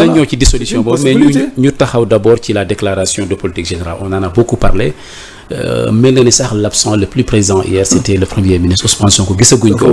dinañ ñëw ci dissolution boobu mais ñu ñu taxaw d'abord ci la déclaration de politique générale on en a beaucoup parlé euh, mel na ni sax l'absent le plus présent hier c'était le premier ministre Ousmane Sonko gisaguñ ko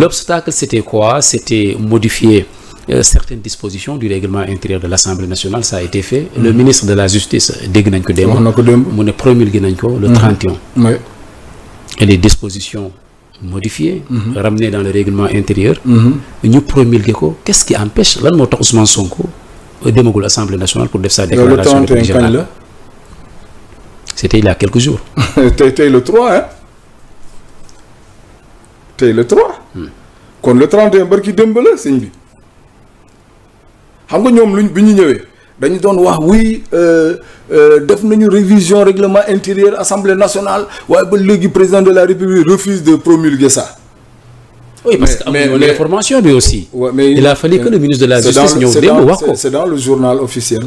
l'obstacle c'était quoi c'était modifier euh, certaines dispositions du règlement intérieur de l'Assemblée nationale ça a été fait le mm-hmm. ministre de la justice dégg nañ ko démb mu ne promulgué nañ ko le 31 mm-hmm. et les dispositions modifié. Mmh. ramené dans le règlement intérieur. Mhm. ñu promulgué ko qu'est-ce qui empêche lan moo tax Ousmane Sonko demagul assemblée nationale pour def sa déclaration de politique générale c'était il y a quelques jours. tey tey le 3 hein. tey le 3. Hmm. kon le 31 barki démb la sëñ bi xam nga ñoom bi ñu ñëwee. dañu doon wax oui euh, euh, def nañu révision règlement intérieur assemblée nationale waaye ba léegi président de la république refuse de promulguer ça. oui parce que amuñu woon information bi aussi. Ouais, mais il a le ministre de la justice ñëw démb wax ko. c'est dans le journal officiel.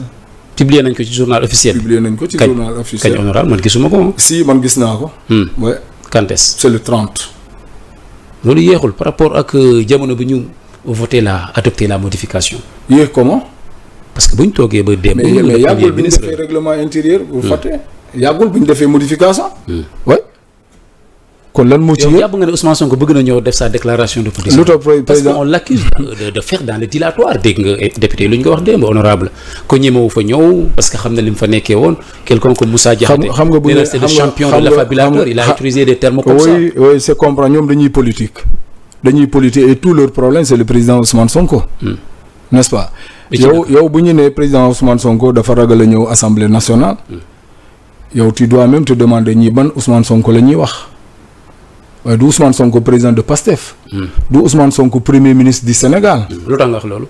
publié nañ ko ci journal officiel. publié nañ ko kañ honorable man gisuma ko si man gis naa ko. Hmm. oui. quand loolu yéexul par rapport ak euh, jamono bi ñu voté la adopté la modification. yéex comment. parce que bu ñu toogee ba démb. mais mais hmm. yàggul bu ñu defee modification. waaw. Hmm. kon lan moo ci yow nga ne Ousmane Sonko bëgg na ñëw def sa déclaration de politique. lu tax président parce que on l'accuse de de faire dans nga eh, député lu ñu ko wax démb honorable ko ñemewu fa ñëw parce que xam na li mu fa nekkee woon quelqu'un comme Moussa Diakhaté. xam nga bu ñu c'est le champion de l'affabulateur il a utilisé des termes comme ça. oui oui c'est comprendre ñoom dañuy politique. dañuy politique et tout le président Ousmane Sonko. Hmm. nest yow yow bu ñu nee président Ousmane Sonko dafa ragal a ñëw assemblée nationale. Hmm. yow tu dois même te demander ñi ban Ousmane Sonko la ñuy wax. waaye du Ousmane Sonko président de PASTEF. Hmm. du Ousmane Sonko premier ministre di Sénégal. Hmm. lu tax nga wax loolu.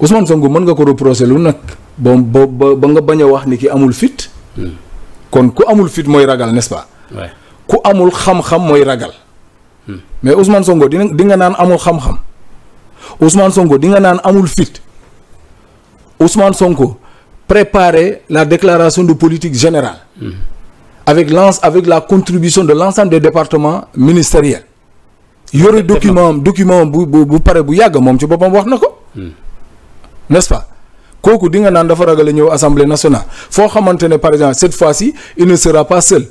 Ousmane Sonko mën nga ko reprocher lu nag ba ba ba nga bañ a wax ni ki amul fit. kon ku amul fit mooy ragal n'est-ce ku amul xam-xam mooy ragal. mais Ousmane Sonko dina di nga naan amul xam-xam. Ousmane Sonko di nga naan amul fit Ousmane Sonko préparer la déclaration de politique générale. Mm. avec lance avec la contribution de l'ensemble des département ministériels. yore document document bu bu bu pare bu yàgg moom ci boppam wax na ko. Mm. n'est-ce pas kooku di nga naan dafa ragal a ñëw assemblée nationale foo xamante ne par exemple cette fois-ci il ne sera pas seul.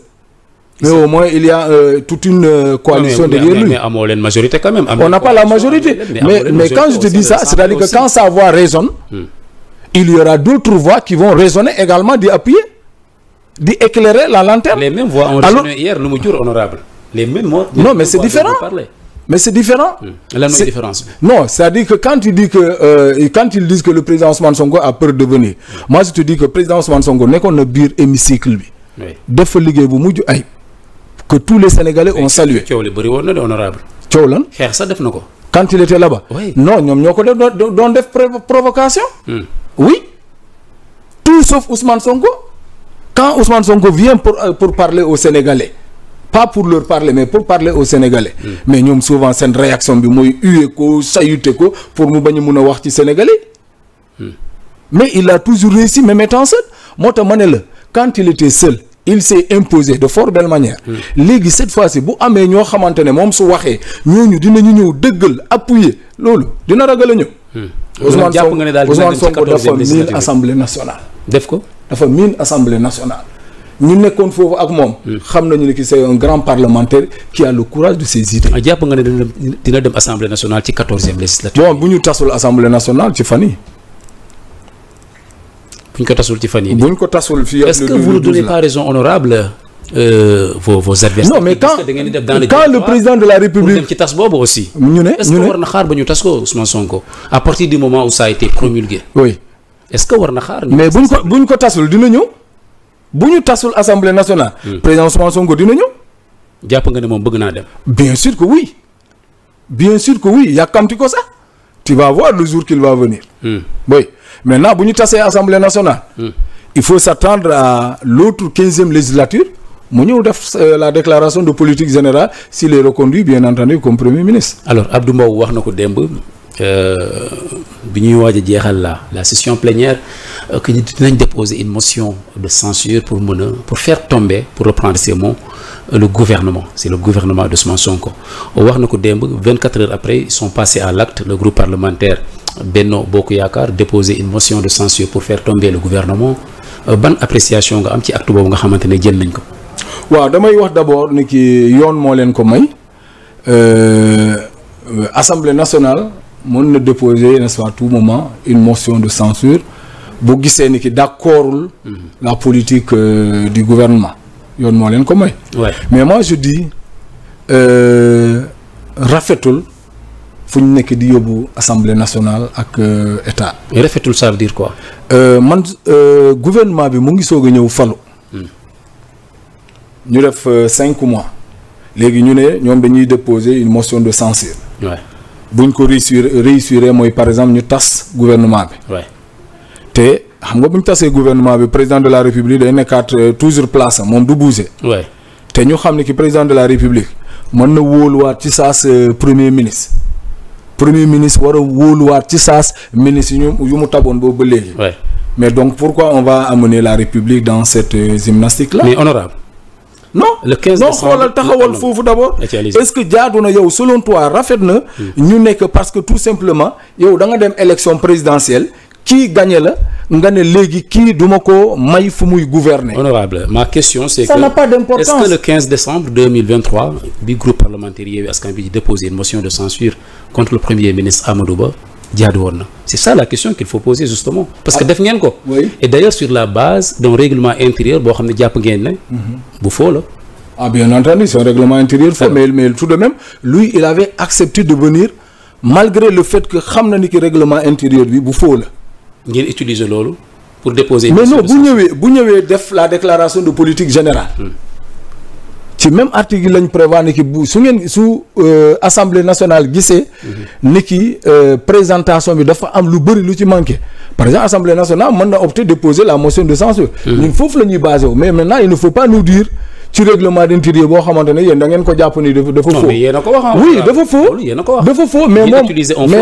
mais au moins il y a euh, toute une euh, coalition derrière lui. leen majorité quand même. on n'a pas la majorité. mais mais quand je te dis ça c'est-à-dire que quand sa voix résonne. Hmm. il y aura d'autres voix qui vont résonner également di appuyer di éclairer la lanterne. lu mu jur honorable les mêmes mots. non mais c'est différent. mais hmm. c'est différent. lan mooy différence bi. non c'est-à-dire que quand tu dis euh, que le président Ousmane Sonko a peur de moi je te dis que président Ousmane Sonko nekkoon na biir hémicycle bi. oui def fa liggéey bu mujj ayib. que tous les Sénégalais ont salué. coow li bëri woon na de honorable. coow lan xeex sax def na ko. quand la était no bas non ñoom ñoo ko def doon def provocation. Hmm. oui tout sauf Ousmane Sonko. quand Ousmane Sonko vient pour euh, pour parler aux Sénégalais. pas pour leur parler mais pour parler aux Sénégalais. Mm. mais ñoom souvent seen réaction bi mooy huer ko sayute ko pour mu bañ a mun a wax ci Sénégalais. Hmm. mais il a toujours réussi mais étant seul moo tax ma ne la quand il il s'est imposé de fort belle manière léegi cette fois-ci bu amee ñoo xamante ne moom su waxee ñu dina ñu ñëw dëggal appuyer loolu dina ragal a ñëw hmm. Ousmane Sonko Ousmane Sonko dafa miin assemblée nationale def ko dafa miin assemblée ñu nekkoon foofu ak moom hmm. xam nañu ne ki c'est un grand parlementaire qui a le courage de ah, jàpp nga ne dina dem assemblée nationale ci quatorzième législature bon bu ñu tasul assemblée nationale ci fan yi bu ñu ko tasul ci fan yi. bu ñu ko tasul fii est-ce que vous ne donnez euh, mais quand quand le def de la république. dem ci tas boobu aussi. ñu ne est que war na xaar ba ñu tas ko Ousmane Sonko. à partir du moment où ça a été promulgué. oui est-ce que war na xaar. mais buñ ko buñ ko tasul dina ñëw. bu ñu tasul assemblée nationale. Hmm. président Ousmane Sonko dina ñëw. jàpp nga ne moom bëgg naa dem. bien sûr que oui. bien sûr que oui yàkkamti ko sax. tu vas voir le jour qu'il va venir. Mm. oui bu ñu tasee assemblée nationale. Mm. il faut s'attendre à l'autre quinzième législature mu ñëw def euh, la déclaration de politique générale s'il est reconduit bien entendu comme premier ministre. alors Abdou Mbow wax na ko démb euh, bi ñuy waaj jeexal la la session plénière. Euh, que ñu déposer une motion de censure pour mën a pour faire tomber pour reprendre ces mots euh, le gouvernement c'est le gouvernement d'Ousmane Sonko wax na ko démb 24 heures après ils sont passés à l'acte le groupe parlementaire Benno Bokk Yaakaar déposer une motion de censure pour faire tomber le gouvernement euh, ban appréciation nga am ci acte boobu nga xamante ne jël nañ ko waaw damay wax d'abord ni ki yoon moo leen ko may Assemblée nationale mën na déposer nest tout moment une motion de censure bu gisee ni ki d'accordul mm-hmm. la politique euh, du gouvernement yoon moo leen ko may mais moi je dis euh, rafetul fu ñu nekk di yóbbu assemblée nationale ak euh, état. rafetul ça veut dire quoi. Euh, man gouvernement bi mu ngi soog a ñëw falu. Mm. ñu def cinq mois. léegi ñu ne ñoom dañuy déposer une motion de censure. buñ ko réussir réussir mooy par exemple ñu tas gouvernement bi. te xam nga bu ñu tasee gouvernement bi président de la république day nekkaat euh, toujours place moom du bouger. te ñu xam ne ki président de la république mën na wóoluwaat ci saas euh, premier ministre premier ministre war a wóoluwaat ci saas ministre yu yu mu taboon boobu ba léegi. mais donc pourquoi on va amener la république dans cette euh, gymnastique la mais no non le 15 non xoolal taxawal ah foofu d' abord est-ce que jaadu na yow selon toi rafet na. Hmm. ñu nekk parce que tout simplement yow da nga dem élection présidentielle. kii gagné la nga ne léegi kii duma ko may fu muy gouverner. honorable ma question c'est que ça n'a pas d'importance est-ce que le 15 décembre 2023 bi groupe parlementaire Yewwi Askan bi di déposer une motion de censure contre le premier ministre Amadou Ba jaadu woon na c'est ça la question qu'il faut poser justement parce que ah. def ngeen ko et d'ailleurs sur la base d'un règlement intérieur boo xam ne jàpp ngeen ne mhm. bu foo la ah bien entendu c'est un règlement intérieur faux mais mais tout de même lui il que xam na ni ki bi bu foo la ngeen utiliser loolu pour déposer. mais non bu ñëwee bu ñëwee def la déclaration de politique général hmm. ci même article yi lañ prévoir ki bu su ngeen su euh, assemblée nationale gisee. Hmm. ni ki euh, présentation bi dafa am lu bëri lu ci manqué. par exemple assemblée nationale mën na opter déposer la motion de censure hmm. ñun foofu la ñuy basé mais maintenant il ne faut pas nous dire. ci règlement d'intérieur boo xamante ne yéen da ko jàpp ni dafa dafa faux oui dafa faux dafa faux mais moom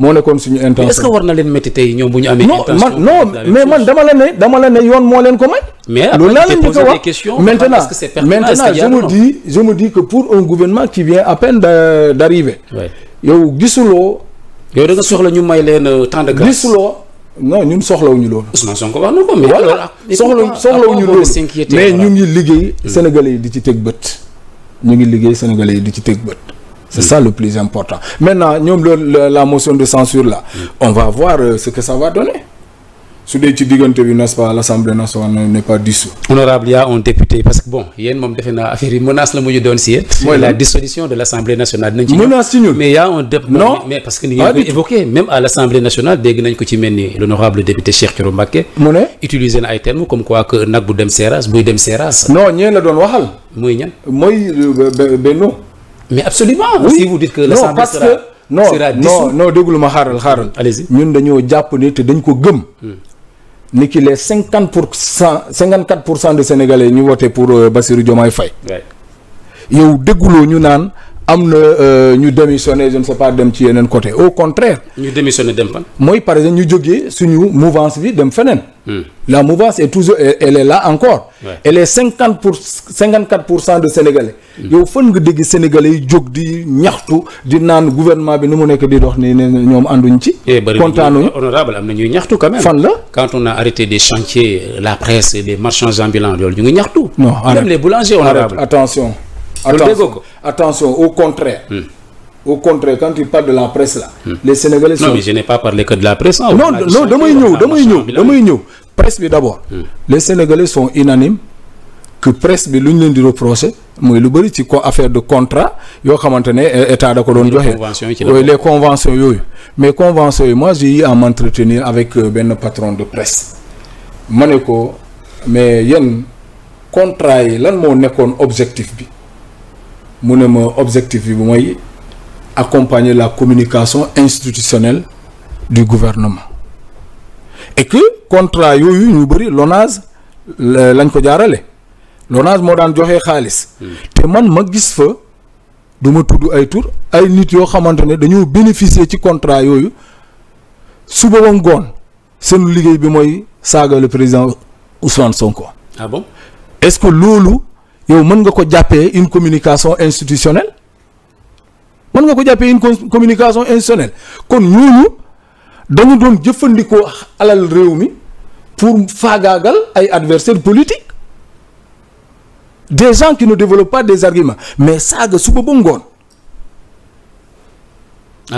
mais na leen métti tey ñoom bu ñu amee. intention non mais man dama la ne dama la ne yoon moo leen ko may. mais loolu laa leen di ko wax maintenant maintenant je je me dis que pour un gouvernement qui vient à d'arriver. yow gisuloo. yow da nga soxla ñu may leen euh, temps de grâce gisuloo. non ñun soxlawuñu loolu. Ousmane Sonko wax na ko mais. voilà soxla soxlawuñu loolu mais ñu ngi liggéey. Hmm. Sénégalais yi di ci teg bët. ñu ngi liggéey Sénégalais yi di ci teg bët. c'est hmm. ça le plus important maintenant ñoom loolu la motion de censure là. Hmm. on va voir euh, ce que ça va donner. su dee ci diggante bi n'est-ce pas l'Assemblée nationale n'est pas dissous. honorable y a député parce que bon yéen moom defe naa affaire yi menace la mu ñu doon si yéen. mooy la dissolution de l'Assemblée nationale. dinañ ci menace ci ñun mais y a un député. non mais parce que ni ngeen ko évoqué même à l'Assemblée la doon waxal. mooy ñan mooy euh, Benno. mais absolument si vous dites que l'Assemblée sera non non ma xaaral xaaral. allez-y ñun dañoo jàpp ne te dañ ko gëm. Hmm. ni ki les cinquante pour cent cinquante pour cent de sénégalais ñu voté pour euh, Bassirou Diomaye Faye yow dégguloo ñu naan am na euh, ñu démissionné je ne sais pas dem ci yeneen côté au contraire. ñu démissionné dem fan. mooy par exemple ñu jógee suñu mouvance bi dem feneen. Hmm. la mouvance est toujours elle est là encore. Ouais. elle est cinquante pour cinquante quatre pour cent de sénégalais. Hmm. yow fan nga dégg sénégalais yi jóg di ñaxtu di naan gouvernement bi nu mu nekk di dox ni ne ñoom ànduñ ci. Eh, kontaanuñu honorable am na ñuy ñaxtu quand même. fan la quand on a arrêté des chantiers la presse des marchands ambulants loolu ñu ngi ñaxtu. attention. attention attention au contraire. Hmm. au contraire quand tu parles de la presse là. Hmm. les sénégalais pas parlé que de la presse. non non damay ñëw damay ñëw damay ñëw presse bi d'abord. Hmm. les sénégalais sont unanimes que presse bi lu ñu leen di reprocher mooy lu bëri ci ko affaire de contrat yoo xamante ne eh, état da ko doon joxe. les conventions yooyu. mais conventions yi moi j'ai eu à m'entretenir avec euh, benn patron de presse. ma ne ko mais yéen contrat yi lan moo nekkoon objectif bi. mu ne ma objectif bi mooy accompagner la communication institutionnelle du gouvernement et que contrat yooyu ñu bëri l'ONAS lañ ko jaarale l'ONAS moo daan joxe xaalis hmm. te man ma gis fa du ma tudd ay tour ay nit yoo xamante ne dañoo bénéficier ci contrat yooyu suba ba ngoon seen liggéey bi mooy saaga le président Ousmane Sonko. ah loolu. yow mën nga ko jàppee une communication institutionnelle mën nga ko jàppee une communication institutionnelle kon ñooñu dañu doon jëfandikoo alal réew mi pour faagaagal ay adversaires politiques des gens qui ne développent pas des arguments mais saaga suba ba ngoon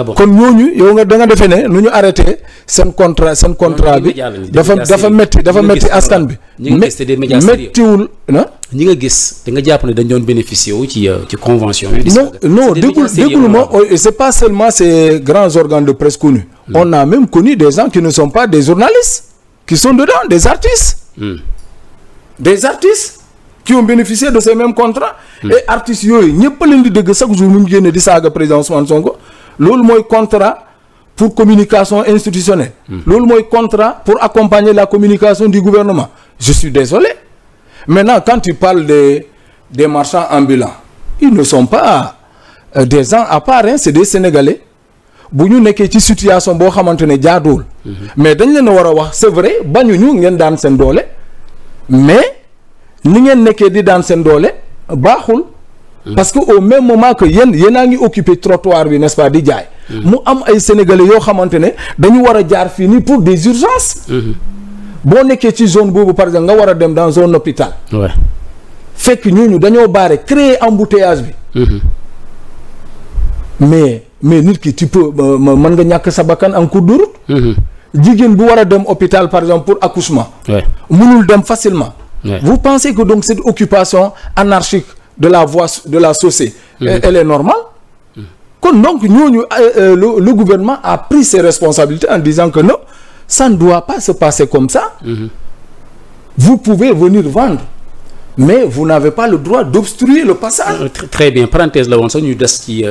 kon ah ñooñu yow nga da nga defee ne nu ñu arrêté seen contrat seen contrat bi dafa dafa métti dafa métti askan bi méttiwul na ah? ñi nga gis da nga jàpp ne dañ doon bénéficier wu ci euh, ci convention bi non non déggul oh, pas de presse hmm. des gens qui ne sont pas des journalistes qui sont dedans des artistes hmm. des artistes qui ont bénéficié de ces mêmes contrats hmm. et artistes yooyu ñëpp leen di dëgg chaque jour mu ñu génne di saaga président Ousmane Sonko loolu mooy contrat pour communication institutionnelle. Hmm. loolu mooy contrat pour accompagner la communication du gouvernement. je suis désolé mais quand tu parles des des marchands ambulants ils ne sont pas euh, des ans à part hein c'est des sénégalais bu ñu nekkee ci situation boo xamante ne jaaduwul. Hmm. mais dañ leen a war a wax c'est vrai bañuñu ngeen daan seen doole mais ni ngeen nekkee di daan seen doole baaxul. parce que au même moment que yéen yéen a ngi occupé trottoir bi n'est-ce pas di jaay. Mm-hmm. mu am ay sénégalais yoo xamante ne dañu war a jaar fii nii pour des urgences. Mm-hmm. boo nekkee ci zone boobu par exemple nga war a dem dans zone hôpital. fekk ñooñu dañoo baare créer embouteillage bi. Mm-hmm. mais mais nit ki ma euh, ma mën nga ñàkk sa bakkan en cours de route. jigéen bu war a dem hôpital par exemple pour accouchement. mënul dem facilement. vous pensez que donc cette occupation anarchique. de la voix de la société mmh. elle est normal mm-hmm. kon mmh. donc ñooñu euh, euh, le, le gouvernement a pris ses responsabilités en disant que non ça ne doit pas se passer comme ça mmh. vous pouvez venir vendre mais vous n'avez pas le droit d'obstruer le passage. Euh, parenthèse la woon sax ñu des ci